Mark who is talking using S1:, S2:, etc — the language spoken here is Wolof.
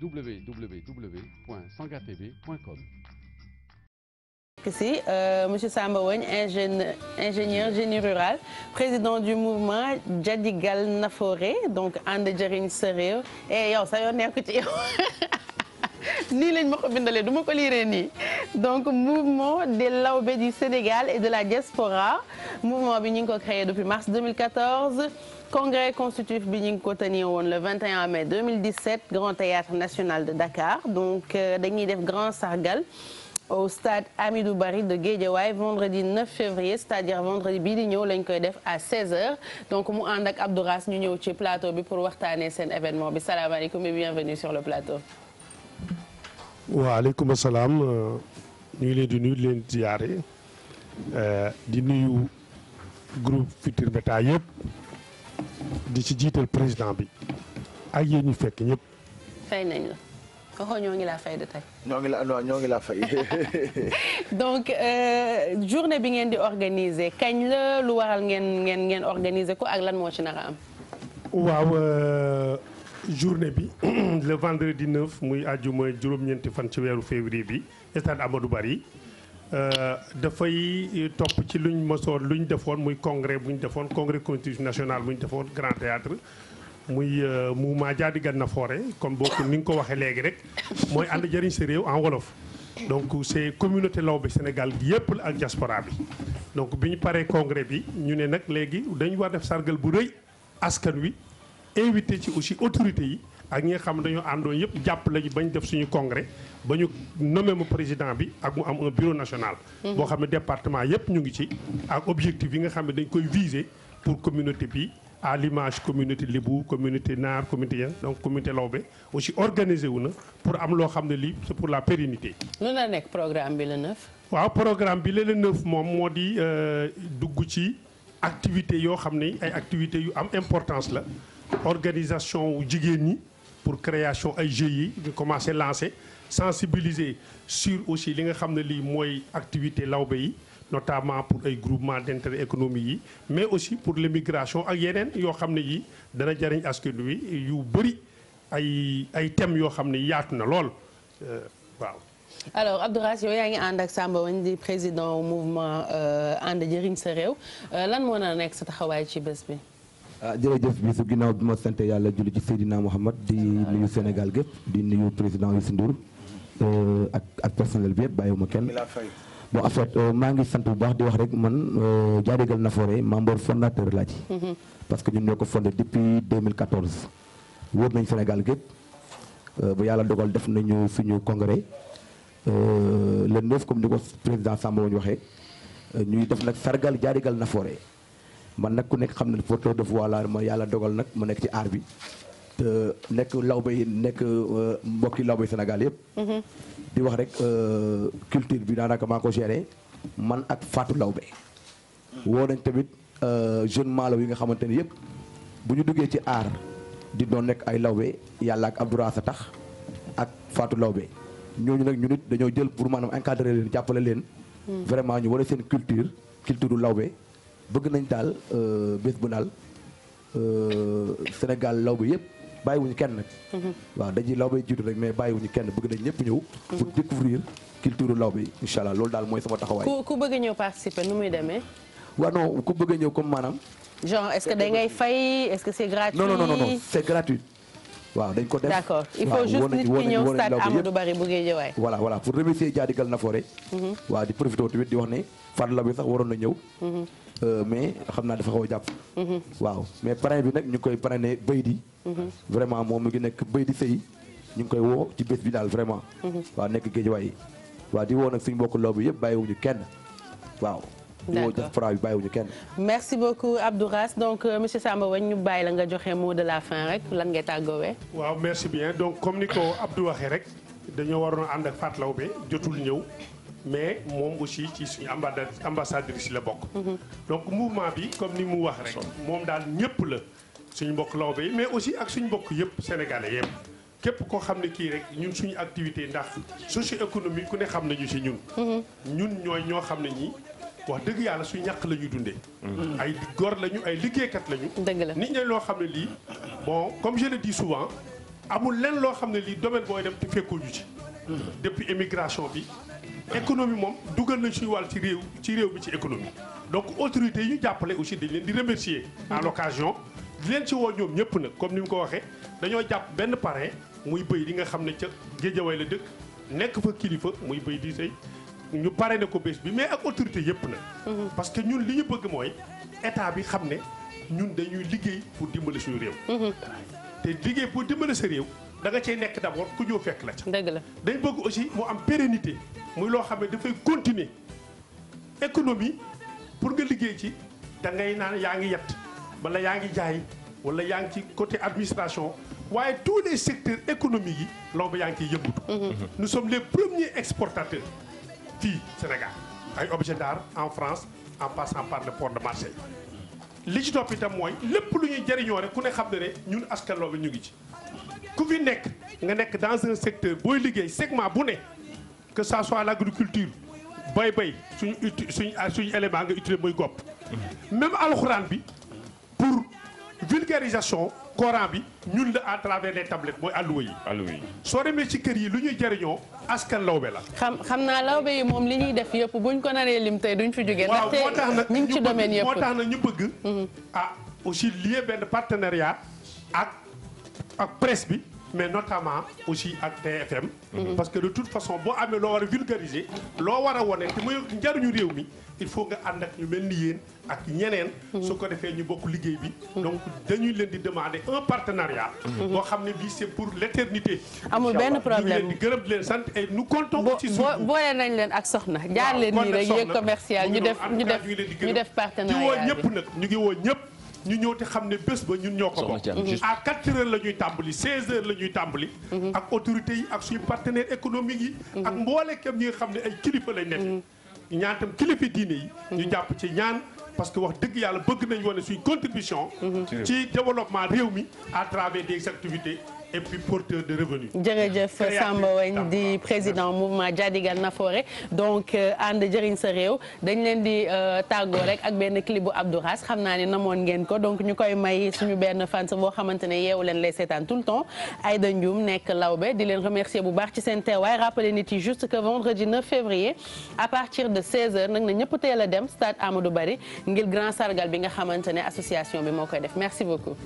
S1: www.sangatv.com.
S2: Si, euh, Monsieur Samba Wagne, ingénieur, ingénieur génie rural, président du mouvement Jadigal Naforé, donc ànd jëriñ sa réew et eh, yow sa yoon nekku ci yow nii lañ ma ko bindalee du ma mouvement des lawbe du Sénégal et de la diaspora mouvement bi ñu ngi créé depuis mars 2014 congrès constitutif bi ñu ngi ko tenir woon le 21 mai 2017 grand théâtre national de Dakar donc euh, dañuy def grand sargal au stade Amidou bari de Guédiawaye vendredi 9 février c'est-à-dire vendredi bii di ñëw lañ koy def à 16h donc mu ànd ak Abdou Rass ñu ñëw ci plateau bi pour waxtaanee seen événement bi salaamaaleykum et bienvenue sur le plateau.
S3: waaleykum salaam euh, ñu ngi di nuyu di leen ziare euh, di di ci jiital président bi ak yéen ñu fekk ñépp
S2: fay nañ la. waxoo ñoo ngi laa fay de tey.
S1: ñoo ngi la non ñoo ngi laa fay.
S2: donc euh, journée bi ngeen di organiser kañ la lu waral ngeen ngeen ngeen organiser ko ak lan moo ci nar a am.
S3: waaw euh, journée bi le vendredi 9 muy àjjuma juróom-ñeenti fan ci weeru février bi stade du bari Euh, dafay topp ci luñ mosoon luñ defoon muy congrès buñ defoon congrès constitution national buñ defoon grand théâtre muy euh, mouvement Jadi Gannafoore kon bokk ni nga ko waxee léegi rek mooy ànd jëriñ sa réew en wolof donc c'est communauté lawbe Sénégal bi yëpp la ak diaspora bi donc bi ñu paree congrès bi ñu ne nag léegi dañu war def sargal bu rëy askan wi invité ci aussi autorité yi ak ñi nga xam ne dañoo àndoon yëpp jàppale ji bañ def suñu congrès ba ñu nommé mu président bi ak mu am un bureau national. Mhm. boo xam ne département yëpp ñu ngi ci. ak objectif yi nga xam ne dañ koy viser pour communauté bi à l'image communauté Lébu communauté Naar communauté Yen donc communauté Lawbe aussi organiser wu na pour am loo xam ne lii c'est pour la pérennité.
S2: lu la nekk programme bi la neuf.
S3: waaw programme bi la neuf moom moo di euh, dugg ci activité yoo xam ne ay activités yu am importance la organisation jigéen ñi. pour création ay jeux yi ñu commencé lancer sensibiliser sur aussi li nga xam ne lii mooy activité lawbe yi notamment pour ay groupement d'intérêt économique yi mais aussi pour l'immigration ak yeneen yoo xam ne yi dana jariñ askan wi yu bëri ay ay thèmes yoo xam ne yaatu na lool euh, waaw
S2: alors Abdourass yow yaa ngi ànd ak Samba Wañ di président mouvement euh, ànd jëriñ sa réew euh, lan moo na nekk sa taxawaay ci bés
S1: bi ah jërëjëf bi su ginnaaw bi ma sant yàlla julli ci Seydina Mouhamad di nuyu Sénégal gépp di nuyu président Youssou Ndour euh, ak ak personnel bi yëpp bàyyiwuma kenn. bon en euh, maa ngi sant bu baax di wax rek man Diadigal euh, Nafoore membre fondateur laa ci. Mhm. parce que ñun ñoo ko fondé depuis 2014. wóor nañu Sénégal gépp bu yàlla dogal def nañu suñu congrès le 9 comme ni ko président Samba ñu waxee ñuy def nag sargal Diadigal Nafoore. man nag ku nekk xam ne porteur de voix laa ma yàlla dogal nag ma nekk ci aar bi te nekk lawbe nekk euh, mbokki lawbe Sénégal yëpp mhm. di wax rek euh, culture bi daanaka maa ko géré man ak Fatou Lawbe woo nañ tamit euh, jeune malo yi nga xamante ni yëpp bu ñu duggee ci aar di doon nekk ay lawbe yàlla ak Abdoura sa tax ak Fatou Lawbe ñooñu nag ñu nit dañoo jël pour maanaam encadrer leen jàppale leen mhm. vraiment ñu wane seen culture culture lawbe bëgg nañ daal euh, bés bu daal euh, Sénégal law bi yëpp bàyyiwuñu kenn nag. Mhm. waaw dañuy law bay jiitu rek mais bàyyiwuñu kenn bëgg nañ ñëpp ñëw. pour mhm. découvrir culture law bi incha allah loolu daal mooy sama taxawaay. ku
S2: ku bëgg ñëw participer nu muy demee.
S1: waaw non ku bëgg ñëw comme maanaam.
S2: genre est-ce que ngay fay est-ce que c'est gratuit. non non non
S1: gratuit. waaw dañ ko def d'accord il faut juste nit ki ñëw stade Amadou Barry bu Guédiawaye voilà voilà pour remercier Diadigal Nafoore mhm. waaw di profité tamit di wax ne Fatou Laobé sax waroon na ñëw mhm. euh, mais xam naa dafa xaw a jàpp mhm. waaw mais parrain bi nag ñu ngi koy parrainé Baydi vraiment moom mi ngi nekk Baydi Sey ñu ngi koy woo ci bés bi daal vraiment waaw nekk Guédiawaye waa di woo nag bokk mbokk Laobé yëpp bàyyiwuñu kenn waaw ñoo def fra bi bàyyiwuñu kenn
S2: merci beaucoup Abdou Rass donc euh, monsieur Samba Wagne ñu bàyyi la nga joxe mot de la fin rek lan ngay tàggoowee
S3: waaw merci bien donc comme ni ko Abdou waxee rek dañoo waroon ànd ak Fatou Laobé jotul ñëw mais moom aussi ci suñu ambassadeur ambassadrice la bokk mhm. donc mouvement bi comme ni mu wax rek moom daal ñëpp la suñu mbokk Laobé yi mais aussi ak suñu mbokk yëpp sénégalais yëpp képp koo xam ne kii rek ñun suñu activité ndax socio économique ku ne xam nañu si ñun mhm. wax dëgg yàlla su ñàkk la ñuy dundee. Mm-hmm. ay góor lañu ay liggéeykat lañu. dëgg la nit ñi loo xam ne lii bon comme je le dis souvent amul lenn loo xam ne lii domaine booy dem te fekkoo ci. Mm-hmm. depuis émigration bi. économie moom dugal nañ suñu wàll ci réew ci réew bi ci économie donc autorités yi ñu jàppale aussi dañ leen di remercier. à mm-hmm. l'occasion di leen ci woo ñoom ñëpp nag comme ni mu ko waxee dañoo jàpp benn parrain muy bëy li nga xam ne ca géejawaay la dëkk nekk fa kilifa muy bëy di ñu pare ne ko bés bi mais ak autorité yëpp na. Mhm. parce que ñun li ñu bëgg mooy état bi xam ne ñun dañuy liggéey pour dimbali suñu réew. Mhm. te liggéey pour dimbali sa réew da nga cay nekk d' abord ku ñëw fekk la ca. dëgg la dañ bëgg aussi mu am pérennité muy loo xam ne dafay continuer économie pour nga liggéey ci da ngay naan yaa ngi yett wala yaa ngi jaay wala yaa ngi ci côté administration. waaye tous les secteurs économiques yi loolu ba yaa ngi ciy yëngatu. Mhm. nous sommes les premiers fii Sénégal ay objet d'art en France en passant par le port de Marseille li ci topp mooy lépp lu ñuy jëriñoo rek ku ne xam ne ne ñun askan loolu ñu ngi ci ku fi nekk nga nekk dans un secteur booy liggéey segment bu ne que ça soit l'agriculture bay bay suñu suñu suñu élément nga utile mooy gopp mm-hmm. même alxuraan bi pour vulgarisation coran bi ñun la à travers les tablettes mooy alluwa yi. alluwa soo demee ci kër yi lu ñuy jëriñoo askan lawbe la.
S2: xam xam naa lawbe yi moom li ñuy def yëpp buñ ko naree lim tey duñ fi jógee. waaw moo nag ñu ngi ci domaine yëpp moo tax nag ñu bëgg.
S3: ah aussi lié benn partenariat ak ak bi. mais notamment aussi ak TFM mhm. parce que de toute façon boo amee loo war a vulgariser loo war a wone te muy njariñu réew mi il faut nga ànd ak ñu mel ni yéen ak ñeneen mhm. su ko defee ñu bokk liggéey bi mhm. donc dañuy leen di demande un partenariat boo xam ne bii c'est pour l'éternité
S2: amul benn problème ñu leen di gërëm di leen sant et nous comptons ci suñu boole nañ leen ak soxna jaar leen nii rek yéen commercial ñu def ñu def ñu def partenariat bi ñu ngi woo
S3: ñëpp ñu ngi woo ñëpp ñu ñëw te xam ne bés ba ñun ñoo ko bokk à 4 heures la ñuy tàmbali 16 heures la ñuy tàmbali mm-hmm. ak autorités yi ak suñu partenaires économique yi mm-hmm. ak mboole kem ñi nga xam ne ay kilifa lañ nekk mm-hmm. ñaan tam kilifa diine yi ñu jàpp ci ñaan parce que wax dëgg yàlla bëgg nañ wane suñu contribution ci développement réew mi à travers des activités et puis porteur de revenus. jërëjëf
S2: Samba di président mouvement Jadigal Nafoore donc euh, ànd jëriñ sa réew dañ leen di euh, tàggoo rek ak benn clip bu Abdou xam naa ne moon ngeen ko donc ñu koy may suñu benn fans boo xamante ne yeewu leen lay seetaan tout le temps Aïda Ndioum nekk lawbe di leen remercier bu baax ci seen teewaay rappeler nit yi juste que vendredi 9 février à partir de 16h nag na ñëpp teel a dem stade Amadou Barry ngir grand sargal bi nga xamante ne association bi moo koy def merci beaucoup.